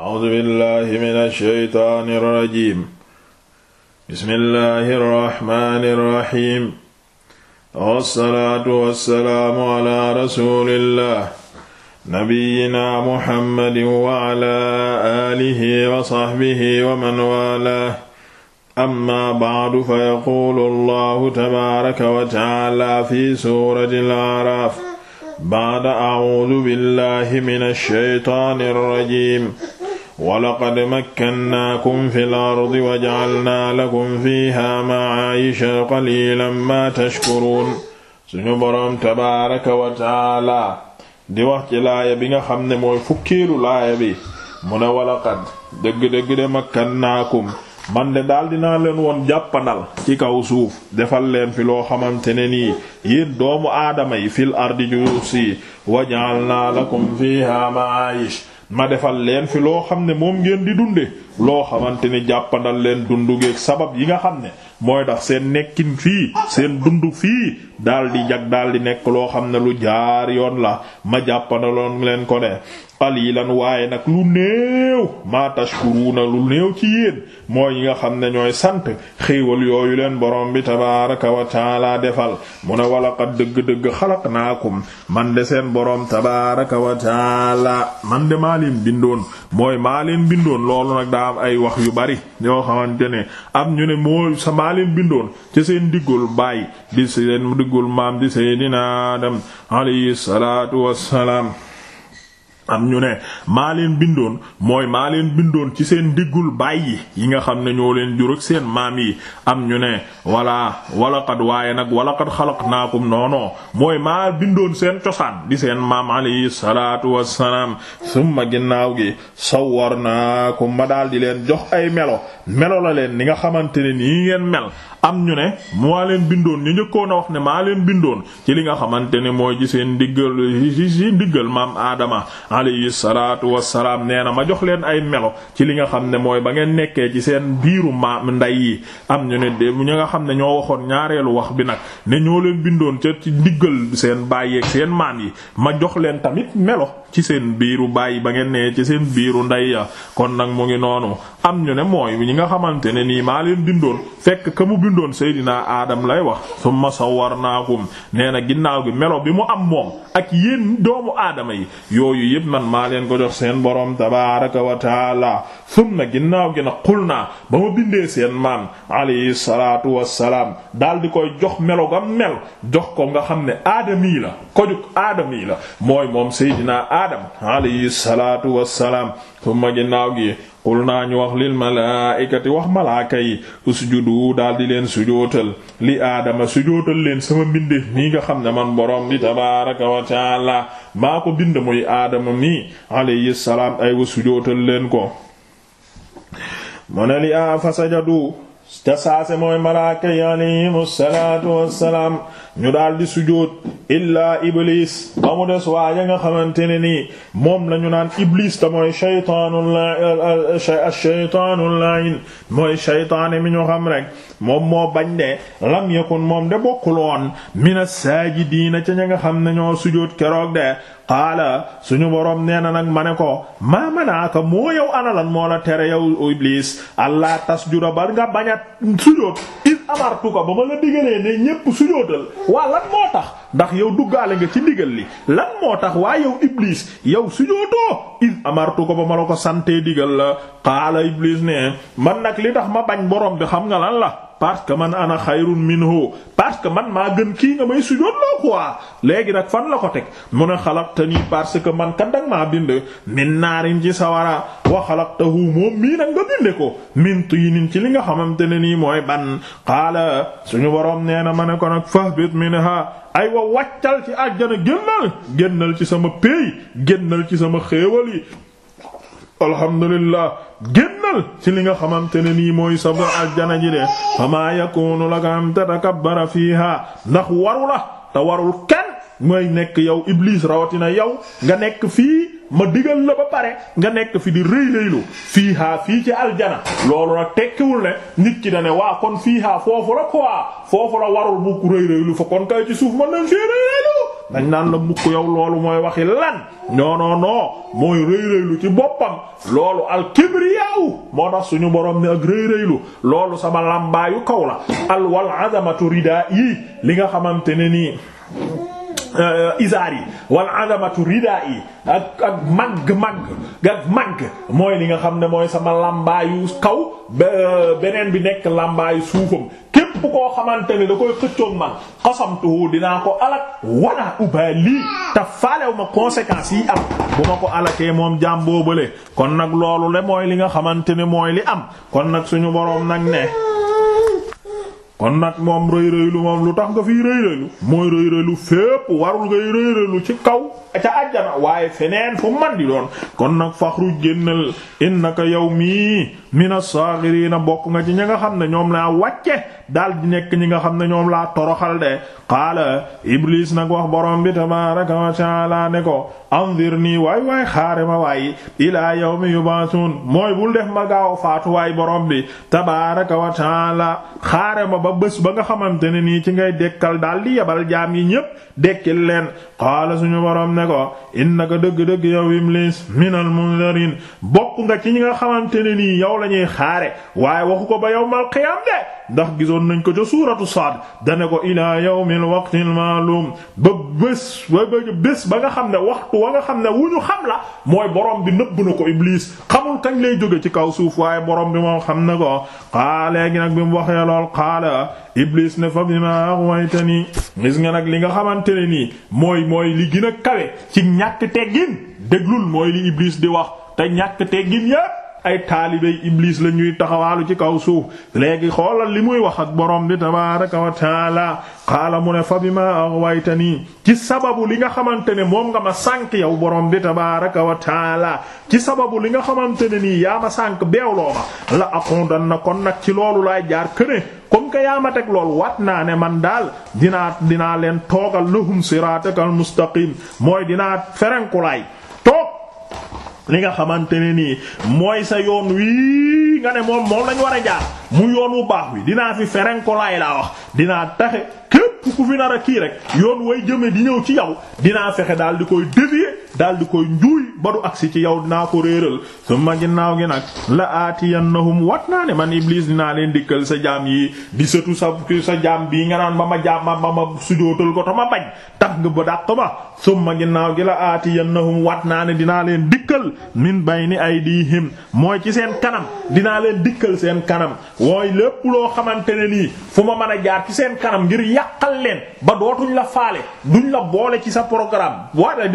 A'uuzu billaahi mina shaytaani rajiim. Bismillaahi rahmaani rahiim. Wassalaatu wassalaamu alaa rasuulillaah. Nabiyyinaa Muhammadin wa alaa aalihi wa sahbihi wa man waalaah. Ammaa ba'du fa yaquulu Allaahu tabaaraka wa ta'aalaa fi suuratil A'raaf. Ba'da a'uuzu billaahi mina shaytaani rajiim. walaqad makkannaakum fil ardi wa ja'alnaa lakum fiihaa ma'aayisha qaliilan maa tashkuruun suñu boroom tabaaraka wa taala di wax ci laaya bi nga xam ne mooy fukkiiru laaya bi mu ne walaqad dëgg-dëgg de makkannaakum man de daal dinaa leen woon jàppandal ci kaw suuf defal leen fi loo xamante ne nii yéen doomu aadama yi fil ardi juuf si waj'alna lakum fiha ma'ish ma defal leen fi loo xam ne moom ngeen di dunde loo xamante ni jàppandal leen dundu sabab yi nga xam ne mooy tax seen nekkin fii seen dundu fii daal di jag daal di nekk loo xam ne lu jaar yoon la ma jàppandaloon leen ko de qalilan waaye nag lu néew maa tashkuruna lu néew ci yéen mooy yi nga xam ne ñooy sant xéewal yooyu leen borom bi tabaaraka wa taala defal mu ne wala qad dëgg-dëgg xalaqnaakum man de seen boroom tabaaraka wa man de maa bindoon mooy maa bindoon loolu nag daa ay wax yu bari yoo xamante ne am ñu ne moo sa maa bindoon ci seen diggul baay di seen diggul maam di seydina Adam alayhi salaatu wassalaam am ñu ne maa leen bindoon mooy maa leen bindoon ci seen ndiggul bàyyi yi nga xam ne ñoo leen jur seen maam yi am ñu ne walla walaqad waaye nag naa xalaqnaakum noono mooy maa bindoon seen cosaan di seen maam alayhi salaatu wassalaam summa ginnaaw gi sawwarnaakum ma daal di leen jox ay melo melo la leen ni nga xamante ne nii ngeen mel am ñu ne maa leen bindoon ñu njëkkoon a wax ne maa leen bindoon ci li nga xamante ne mooy ci seen ndiggal ci maam Adama alayhi salaatu salaam nee na ma jox leen ay melo ci li nga xam ne mooy ba ngeen nekkee ci seen biiru maam nday yi am ñu ne de ñu nga xam ne ñoo waxoon ñaareelu wax bi nag ne ñoo leen bindoon ca ci diggal seen bàyyeek seen maan yi ma jox leen tamit melo ci seen biiru bàyyi ba ngeen nee ci seen biiru ndey ya kon nag mu ngi noonu am ñu ne mooy ñi nga xamante ne nii maa leen bindoon fekk ka mu bindoon seydinaa aadam lay wax summa sawarnaakum nee na ginnaaw gi melo bi mu am moom ak yéen doomu aadama yi yooyu yépp man maa leen ko jox seen borom tabaaraka wa summa ginnaaw gi na xul naa ba ma bindee seen maam alayhi salaatu wassalaam daal koy jox melo ga mel jox ko nga xam ne aadami la kojug aadami la mooy moom seydinaa aadam alayhi salaatu wassalaam summa ginnaaw gi xul naa ñu wax lil malaikati wax malaaka yi usjudu daal di leen sujootal li aadama sujootal leen sama mbindeef nii nga xam ne man borom di tabaraka wa taala maa ko bind moy aadama mi alayhi salaam ay wa sujootal leen ko mu ne li a fasajadu te saase mooy malaaka yi alayhimu salaatu wassalaam ñu daal di sujóot illaa iblis ba mu des waaja nga xamante ne nii moom la ñu naan iblis te mooy shaytaanul la euh, euh, shaytaanul la'in mooy shaytaane mi ñu xam rek moom moo bañ de lam yakun moom de bokkul woon mina saajidiina ci ña nga xam nañoo ñoo sujóot keroog de qaala suñu borom nee na nag ma ne ko maa manaaka moo yow analan moo la tere yow iblis allah tasjuda ba nga bañ a sujóot is amartuka ba ma la digalee ne ñépp sujootal waa lan moo tax ndax yow duggaale nga ci ndigal li lan moo tax waa yow Iblis yow sujootoo iz amartu ko ba ma la ko santee digal la qaala Iblis ne man nag li tax ma bañ borom bi xam nga lan la parce que man ana xayrun minhu parce que man maa gën kii nga may sujjóot loo quoi léegi nag fan la ko teg mu ne te parce que man kat danga maa bind min naarin ci sawara wa xalaqtahu moom mii nag nga binde ko min tiinin ci li nga xamante ne nii mooy ban qaala suñu boroom nee na ma ne ko nag fahbit minha ay wa wàccal ci àjjana génnal génnal ci sama péey génnal ci sama xéewal yi alhamdulillah génnal ci li nga xamante ne nii mooy sa ba aljana ji de fama yakunu laka an tatakabbara fiha ndax waru la te warul kenn mooy nekk yow iblis rawatina yow nga nekk fii ma digal la ba pare nga nekk fi di rëy rëylu fii fii ci aljana loolu nag tekkiwul ne nit ki da ne waa kon fii haa foofu la quoi foofu la warul bu rëy rëylu fa kon kay ci suuf mën nañ fii rëy rëylu dañ naan la mukk yow loolu mooy waxi lan non non mooy rëy rëylu ci boppam loolu al kibriyaaw moo tax suñu borom ni ak rëy rëylu loolu sama làmbaayu kaw la al wal azamatu ridaa yi li nga xamante ne nii Euh, isaar yi wal azamatu ridaa yi ak ak màgg màgg ak màgg mooy li nga xam ne mooy sama làmbaayu kaw euh, beneen bi nekk làmbaayu suufam képp koo xamante ne da koy xëccoon ma xasamtuhu dinaa ko alak wala ubali te faalew ma conséquences yi am bu ma ko alakee moom jaam boobale kon nag loolu le mooy li nga xamante ne mooy li am kon nag suñu boroom nag ne kon nag moom rëy rëylu moom lu tax nga fiy rëy rëylu mooy rëy rëylu fépp warul ngay rëy rëylu ci kaw ca àjjana waaye feneen fu man di doon kon nag faxru génnal innaka yow mii mina saagiriina bokk nga ci ñi nga xam ne ñoom laa wàcce daal di nekk ñi nga xam ne ñoom laa toroxal de qaala iblis nag wax borom bi tabaaraka wa laa ne ko anzirnii waay waay xaare ma waay ilaa yawmi yub'asuun mooy bul def ma gaaw faatu waay borom bi tabaaraka wa ta'aala xaare ma ba bës ba nga xamante ne nii ci ngay dekkal daal di yebal jaam yi ñépp dekkil leen qaala suñu borom ne ko innaka dëgg-dëgg yow iblis minal munzariin bokk yow la ñuy xaare waaye waxu ko ba yawmal qiyaam de ndax gisoon nañ ko ca suuratu Saad dane ko ilaa yawmil waqtil ma'luum ba bés ba bés ba nga xam ne waxtu wa nga xam ne wu ñu xam la mooy boroom bi nëbb na ko Iblis xamul kañ lay jóge ci kaw suuf waaye borom bi moom xam ne ko xaa léegi nag bi mu waxee lool xaala Iblis ne fa bimaa aghwaytanii gis nga nag li nga xamante ne nii mooy mooy li gën a kawe ci ñàkk teggin déglul mooy li Iblis di wax te ñàkk teggin ay taalibey iblis la ñuy taxawaalu ci kaw suuf léegi xoolal li muy wax ak borom bi tabaaraka wa taala qaala mu ne fa bima aghwaytani ci sababu li nga xamante ne moom nga ma sànq yow borom bi tabaaraka wa taala ci sababu li nga xamante ne nii yaa ma sànq beewloo ma la na kon nag ci loolu laay jaar këne comme que yaa ma teg lool waat naa ne man daal dinaa dinaa leen toogal lahum siratakal mustaqim mooy dinaa ferenkulaay toog li nga xamante ne nii mooy sa yoon wii nga ne moom moom lañu war a jaar mu yoon wu baax wi dinaa fi ferenkolaay laa wax dinaa taxe képp ku fi nar a kii rek yoon way jëme di ñëw ci yow dinaa fexe daal di koy dévier daal di koy njuuy ba du agsi ci yow dinaa ko réeral summa ginnaaw gi nag la yan aatiyannahum wat naa ne man Iblis dinaa leen dikkal sa jaam yi di sëtu sa sa jaam bii nga naan ba ma jaam ma ma sujootal ko ta ma bañ tax nga ba dàq ma summa ginnaaw gi la aatiyannahum wat naa ne dinaa leen dikkal min ni ay di aydihim mooy ci seen kanam dinaa leen dikkal seen kanam wooy lépp loo xamante ne nii fu ma mën a jaar ci seen kanam ngir yàqal leen ba dootuñ la faale duñ ci sa programme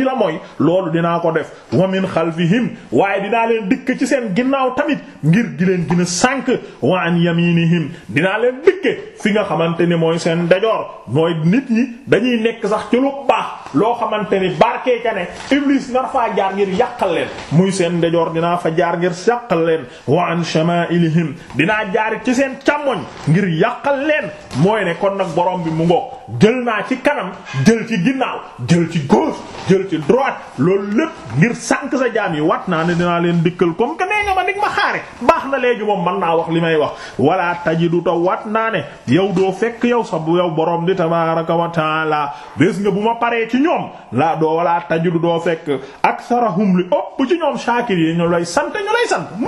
di la mooy loolu dinaa ko def wa min xalfihim waaye dinaa leen dikk ci seen ginnaaw tamit ngir di leen gën a sànk wa an yaminihim dinaa leen dikke fi nga xamante ni mooy seen dajoor mooy nit ñi dañuy nekk sax ci lu baax loo xamante ni barkee ca ne iblis nar faa jaar ngir yàqal leen muy seen ndejoor dinaa fa jaar ngir yàqal leen wa an shama'ilihim dinaa jaar ci seen càmmoñ ngir yàqal leen mooy ne kon nag borom bi mu ngoog jël naa ci kanam jël ci dëgër ci droite loolu lépp ngir sànq sa jaam yi wat naa ne dinaa leen dikkal comme que nee nga ma nig ma xaare baax na léegi moom man naa wax li may wax wala du ta wat naa ne yow doo fekk yow sa bu yow borom di tabaraka wa taala bés nga bu ma paree ci ñoom laa doo wala tajidu doo fekk aksarahum li ëpp ci ñoom shaakir yi ñu lay sant ñu lay sant mu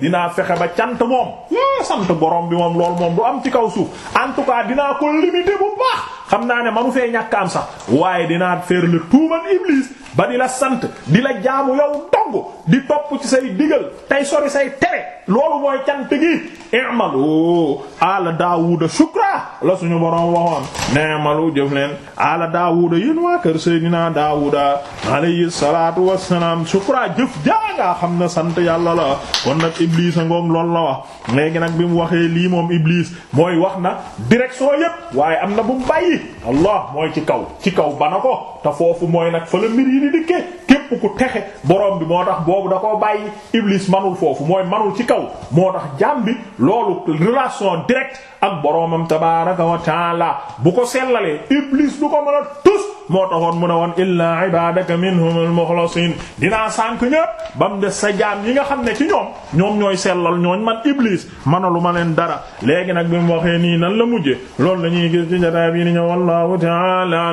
dinaa fexe ba cant moom hmm, sant borom bi moom du am ci kaw suuf en dinaa ko limiter bu baax xam naa ne manu fee ñàkk am sax waaye dinaa faire le tout man Iblis ba di la sant di la jaamu yow dong di topp ci say digal tey sori say tere loolu mooy cant gi i'malu ala daawuda shukra la suñu boroom waxoon ne'malu jëf leen ala daawuda yéen waa kër seydinaa daawuda alayhi salaatu wassalaam shukra jëf jaa nga xam na sant yàlla la kon nag iblis a ngoog loolu la wax léegi nag bi mu waxee lii moom iblis mooy wax na direction yépp waaye am na bu mu bàyyi allah mooy ci kaw ci kaw bana ko te foofu mooy nag fa di dikkee képp ku texe borom bi moo tax boobu da koo bàyyi iblis manul foofu mooy manul ci kaw moo tax jaam bi loolu relation directe ak boromam tabaaraka wa taala bu ko sellalee iblis du ko mën a tus moo taxoon mu ne woon illaa ibadaka minhumul mukhlasin dinaa sànk ñëpp ba mu sa jaam yi nga xam ne ci ñoom ñoom ñooy sellal ñooñ man iblis manalu ma leen dara léegi nag bi mu waxee nii nan la mujje lool la gis ci jotaay bi ni ñëw wallahu ta'ala